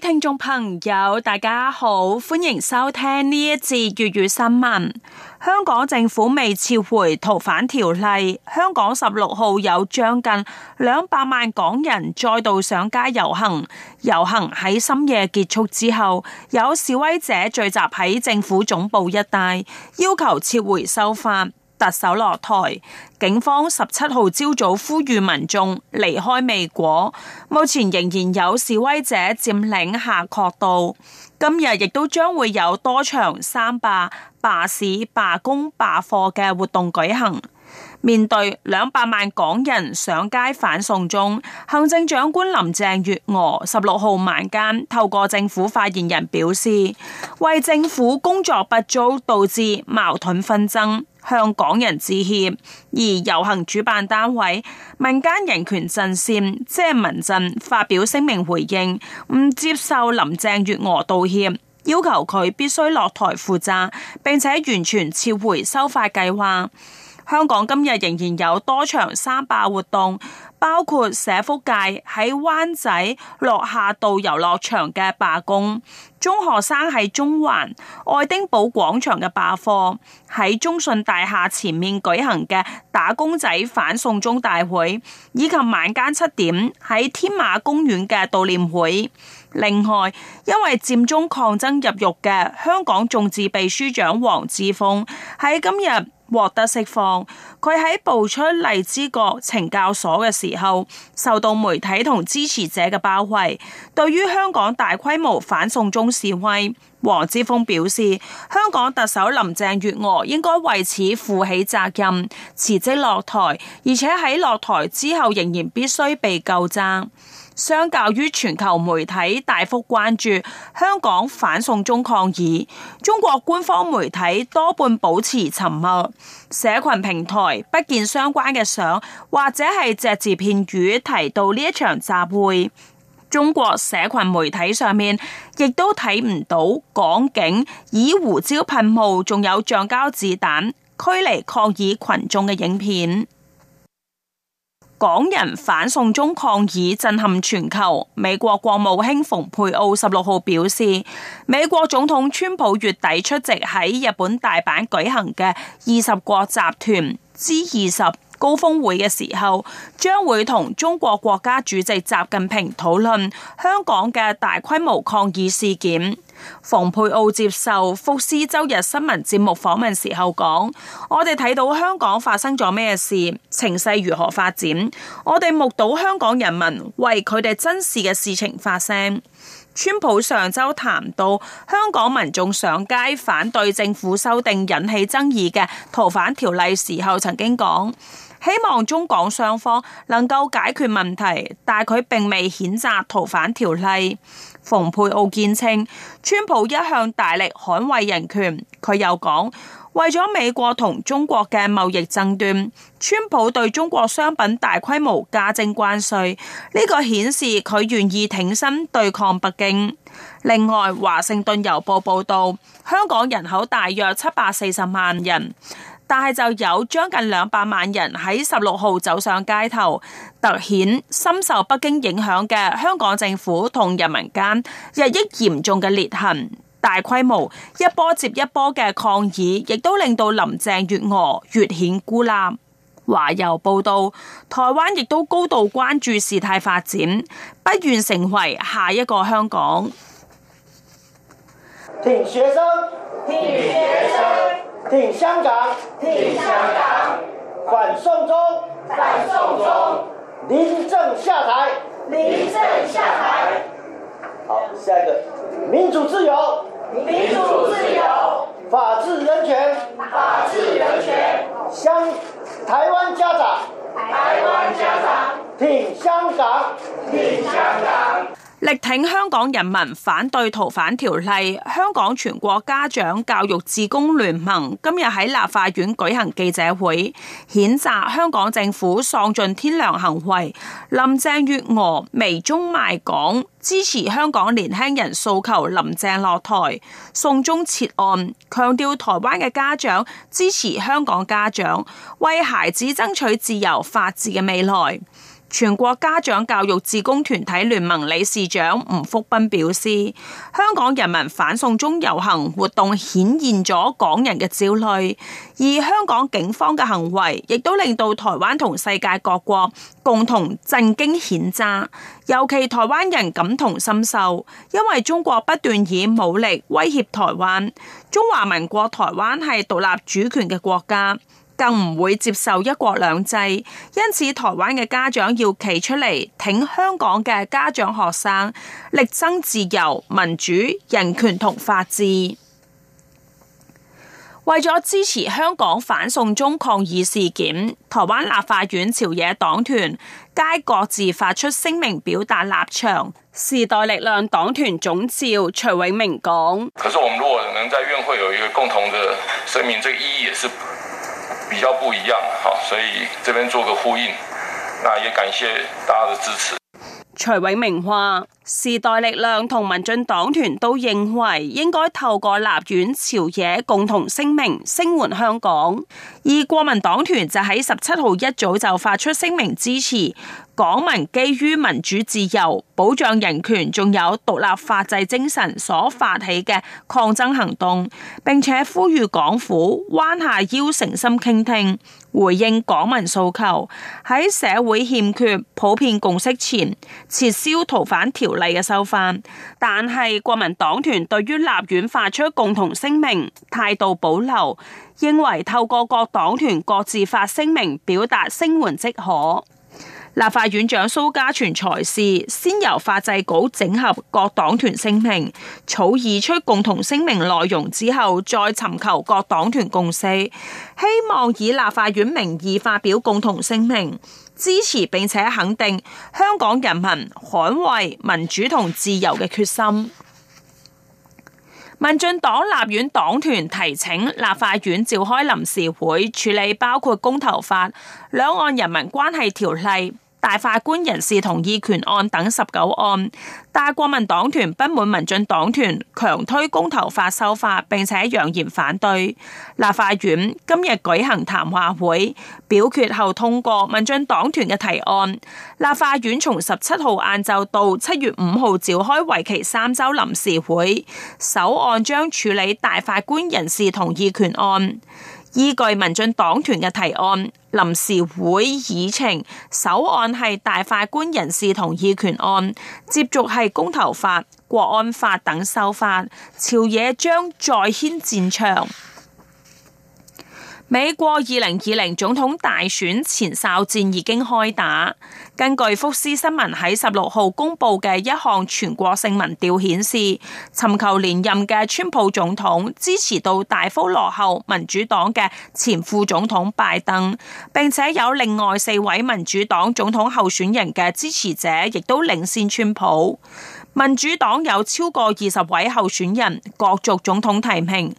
聽眾朋友，大家好，歡迎收聽呢一節粵語新聞。香港政府未撤回逃犯條例，香港十六號有將近兩百萬港人再度上街遊行。遊行喺深夜結束之後，有示威者聚集喺政府總部一帶，要求撤回修法。特首落台，警方十七號朝早呼籲民眾離開未果，目前仍然有示威者佔領夏愨道。今日亦都將會有多場三罷、罷市、罷工、罷課嘅活動舉行。面對兩百萬港人上街反送中，行政長官林鄭月娥十六號晚間透過政府發言人表示，為政府工作不足導致矛盾紛爭。向港人致歉，而遊行主辦單位民間人權陣線即係民陣發表聲明回應，唔接受林鄭月娥道歉，要求佢必須落台負責，並且完全撤回修法計劃。香港今日仍然有多場三罷活動，包括社福界喺灣仔落下道遊樂場嘅罷工、中學生喺中環愛丁堡廣場嘅罷課、喺中信大廈前面舉行嘅打工仔反送中大會，以及晚間七點喺天馬公園嘅悼念會。另外，因為佔中抗爭入獄嘅香港眾志秘書長黃之鋒喺今日獲得釋放，佢喺步出荔枝角懲教所嘅時候受到媒體同支持者嘅包圍。對於香港大規模反送中示威，黃之鋒表示，香港特首林鄭月娥應該為此負起責任，辭職落台，而且喺落台之後仍然必須被究責。相較於全球媒體大幅關注香港反送中抗議，中國官方媒體多半保持沉默，社群平台不見相關嘅相，或者係隻字片語提到呢一場集會。中國社群媒體上面亦都睇唔到港警以胡椒噴霧，仲有橡膠子彈驅離抗議群眾嘅影片。港人反送中抗議震撼全球，美國國務卿蓬佩奧十六號表示，美國總統川普月底出席喺日本大阪舉行嘅二十國集團 G20 高峰會嘅時候，將會同中國國家主席習近平討論香港嘅大規模抗議事件。蓬佩奧接受福斯周日新聞節目訪問時候講，我哋睇到香港發生咗咩事，情勢如何發展，我哋目睹香港人民為佢哋真實嘅事情發聲。川普上周談到香港民眾上街反對政府修訂引起爭議嘅逃犯條例時候，曾經講。希望中港雙方能夠解決問題，但佢並未譴責逃犯條例。蓬佩奧堅稱，川普一向大力捍衛人權。佢又講，為咗美國同中國嘅貿易爭端，川普對中國商品大規模加徵關稅，呢個顯示佢願意挺身對抗北京。另外，華盛頓郵報報道，香港人口大約七百四十萬人。但係就有將近兩百萬人喺十六號走上街頭，凸顯深受北京影響嘅香港政府同人民間日益嚴重嘅裂痕。大規模一波接一波嘅抗議，亦都令到林鄭月娥越顯孤立。華郵報道，台灣亦都高度關注事態發展，不願成為下一個香港。聽學生，聽學生。挺香港，挺香港，反送中，反送中，林鄭下台，林鄭下台。好，下一個，民主自由，民主自由，法治人權，法治人權。香好，台灣家長，台灣家長，挺香港，挺香港。力挺香港人民反對逃犯條例，香港全國家長教育志工聯盟今日喺立法院舉行記者會，譴責香港政府喪盡天良行為，林鄭月娥媚中賣港，支持香港年輕人訴求，林鄭落台，送中撤案，強調台灣嘅家長支持香港家長為孩子爭取自由法治嘅未來。全國家長教育志工團體聯盟理事長吳福斌表示，香港人民反送中遊行活動顯現咗港人嘅焦慮，而香港警方嘅行為亦都令到台灣同世界各國共同震驚譴責，尤其台灣人感同身受，因為中國不斷以武力威脅台灣，中華民國台灣係獨立主權嘅國家。更唔會接受一國兩制，因此台灣嘅家長要企出嚟，挺香港嘅家長學生，力爭自由、民主、人權同法治。為咗支持香港反送中抗議事件，台灣立法院朝野黨團皆各自發出聲明表達立場。時代力量黨團總召徐永明講：，比較不一樣，所以這邊做個呼應。那也感謝大家的支持。徐永明話：時代力量同民進黨團都認為應該透過立院朝野共同聲明，聲援香港。而國民黨團就喺十七號一早就發出聲明支持。港民基於民主自由、保障人權，仲有獨立法制精神所發起嘅抗爭行動，並且呼籲港府彎下腰誠心傾聽，回應港民訴求。喺社會欠缺普遍共識前，撤銷逃犯條例嘅修法。但係國民黨團對於立院發出共同聲明態度保留，認為透過各黨團各自發聲明表達聲援即可。立法院長蘇嘉全才是先由法制局，整合各黨團聲明，草擬出共同聲明內容之後，再尋求各黨團共識。希望以立法院名義發表共同聲明，支持並且肯定香港人民捍衛民主同自由嘅決心。民進黨立院黨團提請立法院召開臨時會，處理包括公投法、兩岸人民關係條例。大法官人事同意權案等十九案，但係國民黨團不滿民進黨團強推公投法修法，並且揚言反對。立法院今日舉行談話會，表決後通過民進黨團嘅提案。立法院從十七號晏晝到七月五號召開為期三周臨時會，首案將處理大法官人事同意權案。依據民進黨團嘅提案，臨時會議程首案係大法官人事同意權案，接續係公投法、國安法等修法，朝野將再掀戰場。美國二零二零總統大選前哨戰已經開打。根據福斯新聞喺十六號公布嘅一項全國性民調顯示，尋求連任嘅川普總統支持度大幅落後民主黨嘅前副總統拜登，並且有另外四位民主黨總統候選人嘅支持者亦都領先川普。民主黨有超過二十位候選人角逐總統提名。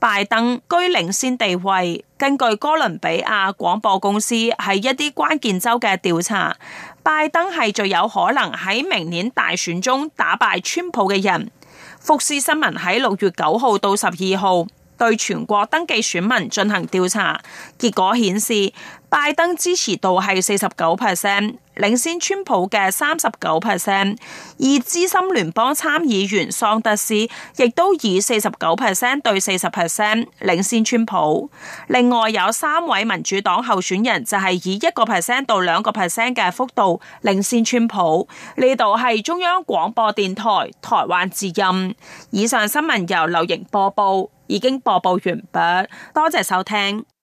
拜登居領先地位。根據哥倫比亞廣播公司喺一啲關鍵州嘅調查，拜登係最有可能喺明年大選中打敗川普嘅人。福斯新聞喺六月九號到十二號，對全國登記選民進行調查，結果顯示拜登支持度係四十九 percent，領先川普嘅三十九 percent。而資深聯邦參議員桑德斯亦都以四十九 percent 對四十 percent 領先川普。另外有三位民主黨候選人就係以一個 percent 到兩個 percent 嘅幅度領先川普。呢度係中央廣播電台台灣之音。以上新聞由劉瑩播報。已經播報完畢，多謝收聽。